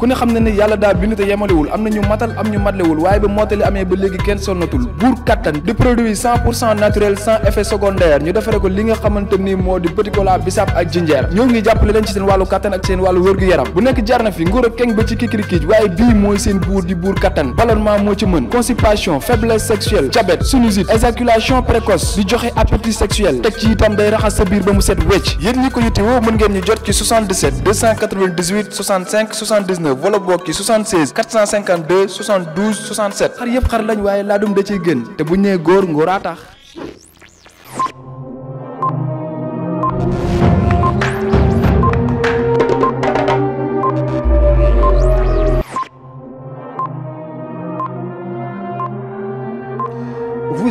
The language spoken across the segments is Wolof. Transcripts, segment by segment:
ku ne xam na ne yàlla daal bind te yemalewul am na ñu matal am ñu matlewul waaye ba mottali amee ba léegi kenn sonnatul buur kattan di produit cent pour cent naturel sans effet secondaire ñu defare ko li nga xamante ni moo di petit cola bisaab ak jinjeer ñoo ngi jàppale leen ci seen wàllu kattan ak seen wàllu wërgu-yaram bu nekk jar na fi nguur ak keng ba ci kikirikiij waaye bii mooy seen buur di buur kattan ballonnement moo ci mën constipation faiblesse sexuelle diabète sinusite éjaculation précoce joxe appétit sexuel teg ci itam day raxas sa biir ba mu set 79 wala boog ci 76 452 72 67 xar yëpp xar lañ waaye laadum da ciy gën te bu ñu góor ngóoraa tax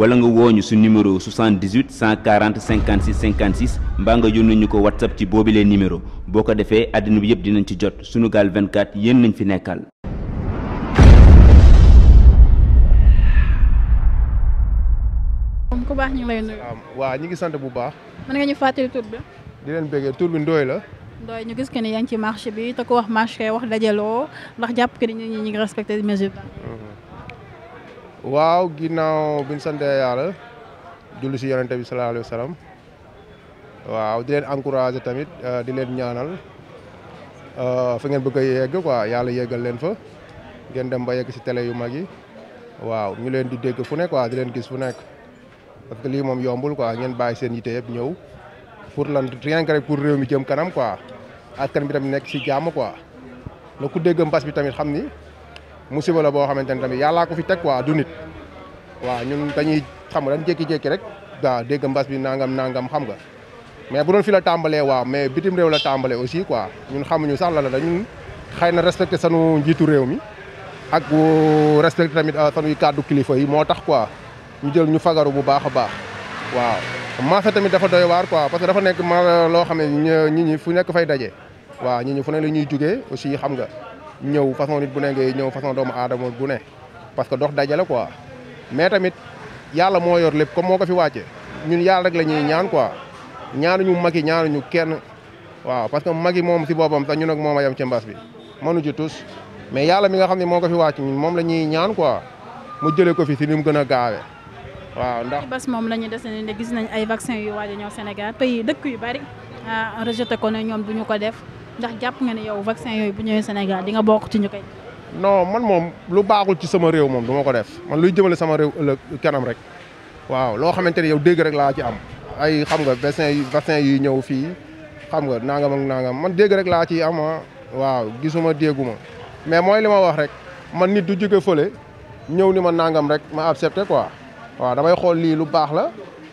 wala nga wooñu su numéro 78 140 56 56 mbaa nga yónnee ñu ko whatsapp ci boobilee numéro boo ko defee àddina bi yëpp dinañ ci jot Sunugal 24 yéen nañ fi nekkal ku baax ñi ngi lay nuyu waaw ñu ngi sant bu baax mën nga ñu fàttali tur bi di leen bëggee tur bi ndooy la ndooy ñu gis que ni yaa ngi ci marché bi te ko wax marché wax dajaloo ndax jàpp que ni ñi ñi ngi respecté mesure mhm. waaw ginnaaw bi ñu sante yàlla julli si yonente bi sallallahu alayhi wa sallam waaw di leen encouragé tamit euh, di leen ñaanal euh, fi ngeen bëgg a yegg quoi yàlla yeggal leen fa ngeen dem ba yegg si tele yu mag yi waaw ñu leen du dégg fu nekk waa di leen gis fu nekk parce que lii moom yombul quoi ngeen bàyyi seen yite yëpp ñëw pour lan rien que rek pour réew mi jëm kanam quoi askan bi tamit nekk ci jàmm quoi na ku dégg mbas bi tamit xam ni. musiba la boo xamante ne tamit yàllaa ko fi teg quoi du nit waaw ñun dañuy xam nga dañ jékki-jékki rek waaw dégg mbas bi nangam nangam xam nga mais bu doon fi la tàmbalee waa mais bitim réew la tàmbalee aussi quoi ñun xamuñu sax la xëy na respecté sanu njiitu réew mi ak respecté tamit euh, sanuy kàddu kilifa yi moo tax quoi ñu jël ñu fagaru bu baax a baax waaw marché tamit dafa doy waar quoi parce que dafa nekk ma loo xam ne ñi ñi fu nekk fay daje waaw ñi ñi fu ne la ñuy jugee aussi xam nga ñëw façon nit bu ne ñëw façon doomu aadama bu ne parce que dox dajale quoi mais tamit yàlla moo yor lépp comme moo ko fi wàcce ñun yàlla rek la ñuy ñaan quoi ñaanuñu mag yi ñaanuñu kenn waaw parce que mag yi moom si boppam sax ñun ak moom a yem ci mbas bi mënu ci tus mais yàlla mi nga xam ne moo ko fi wàcc moom la ñuy ñaan quoi mu jëlee ko fi si ni mu gën a gaawee waaw ndax bas moom la ñu dese ne gis nañ ay vaccin yu waaj a ñëw Sénégal pays dëkk yu bari ah, rejeté ko ne ñoom duñu ko def ndax jàpp nga ne yow vaccin yooyu bu ñëwee Sénégal di nga bokk ci ñu koy. non man moom lu baaxul ci sama réew moom du ma ko def man luy jëmale sama réew ëllëg kenam rek waaw loo xamante ni yow dégg rek laa ci am ay xam nga vaccin yi vaccin yi ñëw fii xam nga nangam nangam man dégg rek laa ci am ah. waaw gisuma dégguma mais mooy li ma wax rek man nit du jóge fële ñëw ni ma nangam rek ma accepté quoi waaw damay xool lii lu baax la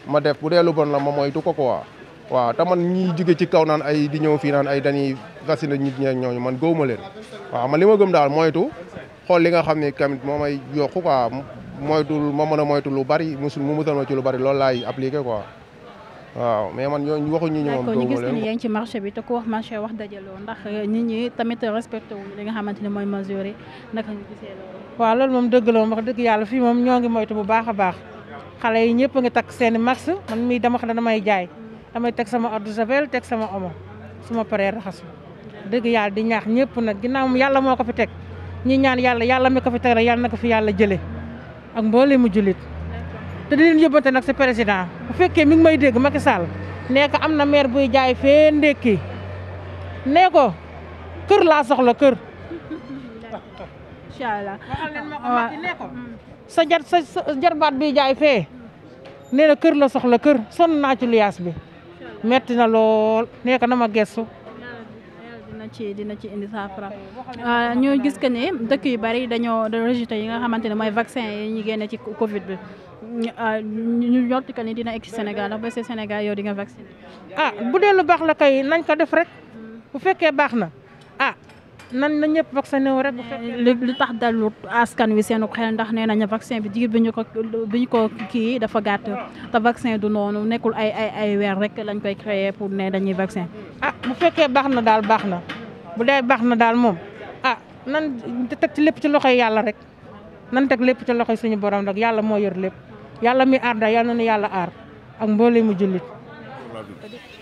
ma def bu dee lu bon la ma moytu ko ko waa waaw ta man ñii jóge ci kaw naan ay di ñëw fii naan ay dañuy vacciner nit ñi ak ñooñu man gëwuma leen waaw man li ma gëm daal moytu xool li nga xam ne tamit moo may yokku quoi moytul ma mën a lu bari musul mu musal ma ci lu bari loolu laay appliqué quoi waaw mais man ñooñu waxuñu ñu moom. ñu gis ni yaa ngi ci marché bi te ku wax marché wax dajaloo ndax nit ñi tamit respecté wuñu li nga xamante ne mooy mesure yi naka ñu gisee moom dëgg la moom dëgg yàlla fii moom ñoo ngi moytu bu baax a baax xale yi ñëpp a ngi takk seen i masque man mii dama xam na may jaay damay teg sama eau de javel teg sama omo suma ma paree raxasu dëgg yàlla di ñaax ñëpp nag ginnaaw yàlla moo ko fi teg ñi ñaan yàlla yàlla mi ko fi teg rek yàlla na ko fi yàlla jëlee ak mboole mu jullit te di leen yóbbante nag si président bu fekkee mi ngi may dégg Macky Sall nee ko am na maire buy jaay fee ndékki nee ko kër laa soxla kër. incha allah waxal jar sa jarbaat biy jaay fee nee na kër la soxla kër son naa ci luyaas bi. metti na lool nekk na ma gestu. dina ci dina ci indi saafara ah, ñu gis que ne dëkk yu bari dañoo rejeté yi nga xamante ne mooy vaccin yi ñu génne ci Covid bi ñu ah, ñorti que ni dina egg ci Sénégal ndax ba see Sénégal yow di nga a ah, bu dee lu baax la kay nañ ko def rek mm. bu fekkee baax na ah nan na ñëpp vacciné wu rek. Eh, lu tax dal dalul askan wi seen xel ndax nee nañu vaccin bi diir bi ñu ko bi ñu ko kii dafa gàtt te vaccin du noonu nekkul ay ay ay weer rek lañ koy créer pour nee dañuy vaccin. ah bu fekkee baax na daal baax na bu dee baax na daal moom ah nan teg ci lépp ci loxoy yàlla rek nan teg lépp ci loxoy suñu boram rek yàlla moo yor lépp yàlla mi aar daal yal na yàlla aar ak mboole mu jullit.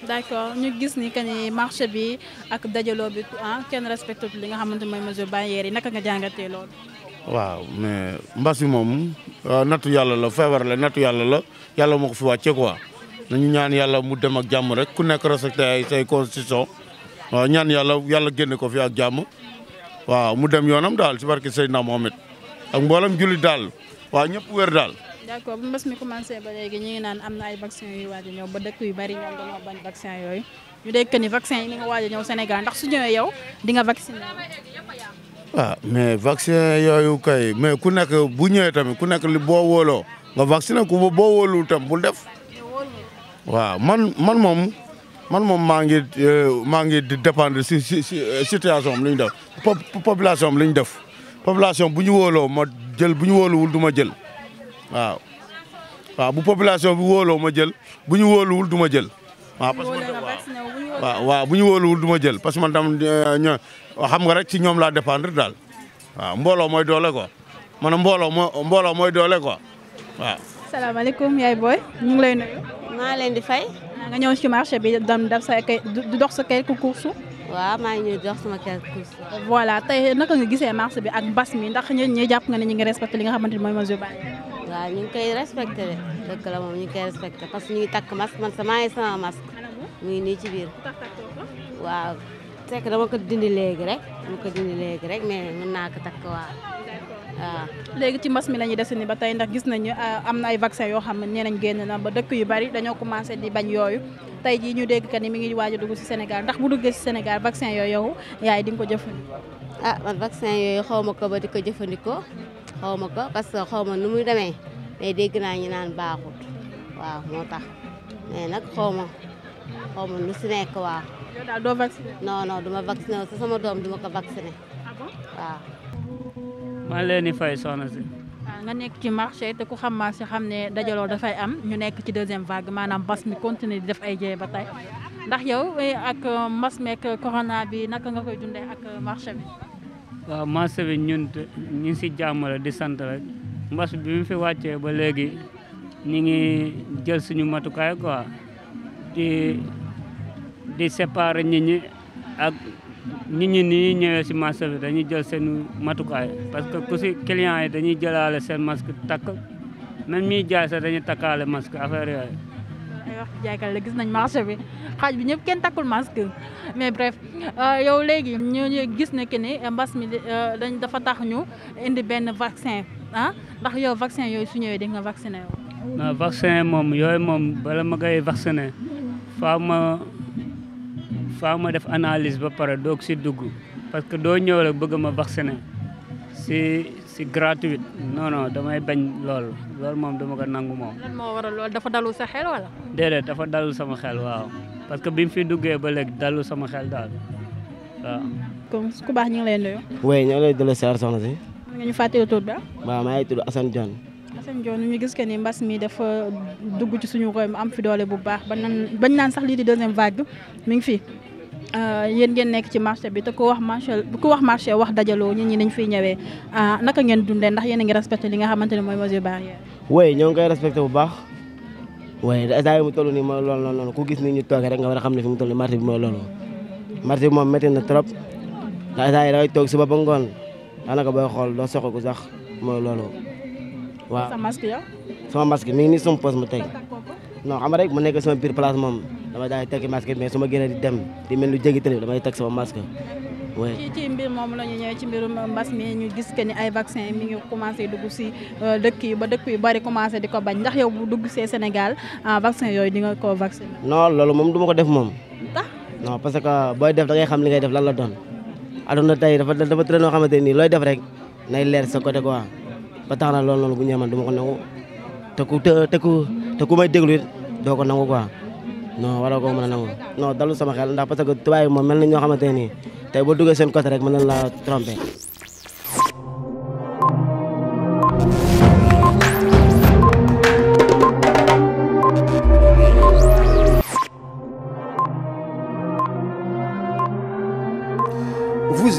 d'accord ñu gis ni que ni marché bi ak dajaloo bi ah kenn respecté li nga xamante mooy mesure barrière yi naka nga jàngatee lool waaw mais mbas bi moom nattu yàlla la feebar la nattu yàlla la yàlla mu ko fi wàccee quoi ñu ñaan yàlla mu dem ak jàmm rek ku nekk respecté ay say constitution waaw ñaan yàlla yàlla génne ko fi ak jàmm waaw mu dem yoonam daal ci barke Seydina Mohamed ak mboolem jullit daal waaw ñëpp wér daal. d'accord bu mbas mi commencé ba léegi ñu ngi naan am na ay vaccin yuy waaj a ñëw ba dëkk yu bari ñoom dañoo bañ vaccin yooyu ñu dégg ni vaccin yi ni nga waaj a ñëw ndax su ñëwee yow di nga vacciné waaw ah, mais vaccin yooyu kay mais ku nekk bu ñëwee tamit ku nekk li boo wóoloo nga vacciné ku boo wóolul tam bul def waaw man man moom man moom maa ngi euh, maa ngi dépendre si si euh, situation am lu ñu def population am def population bu ñu wóoloo ma jël bu ñu wóoluwul du ma jël waaw waaw bu population bu wóoloo ma jël bu ñu wóoluwul du ma jël waaw parce que waaw waaw bu ñu wóoluwul du ma jël parce que man tam euh, ño xam nga rek ci ñoom laa dépendre daal waaw mbooloo mooy doole quoi man mbooloo moo mbooloo mooy doole ko waaw salaamaaleykum yaay booy ñu ngi lay nuyu maa leen di fay nga ñëw si marché bi dam daf sa kay du dox sa quelques courses waaw maa ngi ñëw dox sama quelques courses voilà tey naka nga gisee marché bi ak mbas mi ndax ñu ñuy jàpp nga ne ñu ngi respecté li nga xamante ni mooy mesure barrière waaw ñu ngi koy respecté de dëkk la moom ñu ngi koy parce que ñu ngi takk masque man sama ay sama masque mu ngi nii ci biir waaw fekk dama ko dindi léegi rek ko léegi rek mais mën naa ko takk waaw waaw léegi ci mbas mi la ñuy dese nii ba tey ndax gis nañu ah, am na ay vaccin yoo xam ne ñeneen génn na ba dëkk yu bari dañoo commencé di bañ yooyu tey jii ñu dégg que ni mi ngi waaj a dugg ci Sénégal ndax bu duggee ci Sénégal vaccin yooyu yow yaay di nga ko jëfandikoo ah man vaccin yooyu xaw ma ko di ko jëfandikoo xaw ma ko parce que xaw ma nu muy demee mais dégg naa ñu naan baaxut waaw moo tax mais nag xaw ma xaw ma lu si nekk waaw. doo vacciné. non non du ma vacciné wu sama doom du ko vacciné ah waaw. maa leen di fay soxna si. Ah, nga nekk ci marché te ku xam marché xam ne dajaloo dafay am ñu nekk ci deuxième vague maanaam mbas mi continuer di def ay jéey ba tey ndax yow eh, ak euh, mbas meek corona bi naka nga koy dundee ak euh, marché bi. waaw marché bi ñunt ñu si jàmm la di sant rek mbas bi mu fi wàccee ba léegi ñu ngi jël suñu matukaay quoi di di séparer nit ñi ak nit ñi ni ñëwee si marché bi dañuy jël seen matukaay parce que ku si client yi dañuy jëlaale seen masque takk même miy jaay sax dañuy takkaale masque affaire yooyu ay wax jaaykat la gis nañ marché bi xaaj bi ñëpp kenn takkul masque mais bref euh, yow léegi ñu gis ne que ne euh, mbas mi euh, dañ dafa tax ñu indi benn vaccin ah ndax yow vaccin yooyu su ñëwee di nga vacciné yow. vaccin moom yooyu moom bala ma koy vacciné faaw ma faaw ma def analyse ba pare doog si dugg parce que doo ñëw rek bëgg ma vacciné si gratuite non non damay bañ lool loolu moom dama ko nangu moom. lan moo waral lool dafa dalul sa xel wala. déedéet dafa dalul sama xel waaw parce que bi mu fi duggee ba léegi dalul sama xel daal waaw. kon ku baax ñu ngi lay nuyu. oui ñu ngi lay delloo siyaar soxna si. mën nga ñu fàttali tur bi ah. waaw maa ngi tudd Assane Dione. Assane Dione gis que ni mbas mi dafa dugg ci suñu réew mi am fi doole bu baax ba nan bañ naan sax lii di deuxième vague mi ngi fi. Euh, yéen ngeen nekk ci marché bi te ku wax marché ku wax marché wax dajaloo nit ñi dañ fiy ñëwee euh, naka ngeen dundee ndax yéen a ngi respecté li nga xamante ne mooy mesure barrière. oui ñoo ngi koy bu baax. oui daa yi mu toll nii mooy loolu noonu ku gis ni ñu toogee rek nga war a xam ne fi mu toll marché bi moom métti na trop ndax daa yi dangay toog suba ba ngoon daanaka booy xool doo soxla ko sax mooy loolu. waaw sama masque yow. sama masque mi ngi nii sama poche ma teg no xam rek mu nekk sama biir place moom. damay daal di tekki masque mais su ma génnee di dem di mel lu jéggi tëri damay teg sama masque. ci ci mbir moom la ñu ñëwee ci mbirum mbas mi ñu gis que ni ay vaccin mi ngi commencé dugg si euh, dëkk yi ba yu bari commencé di ko bañ ndax yow bu dugg see Sénégal ah, vaccin yooyu di nga ko vaccin non loolu moom du ma ko def moom. tax non que booy def dangay xam li ngay def lan la doon. aduna tey dafa dafa tëral noo xamante nii looy def rek nay leer sa côté quoi ba tax na loolu noonu bu ñëwee man du ma ko nangu te ku te ku te ku may déglu doo ko nangu quoi. non waroo koo mën a nangu non dalul sama xel ndax parce que tubaab yi moom mel na ñoo xamante nii tey boo duggee seen côté rek mën nañ laa tromper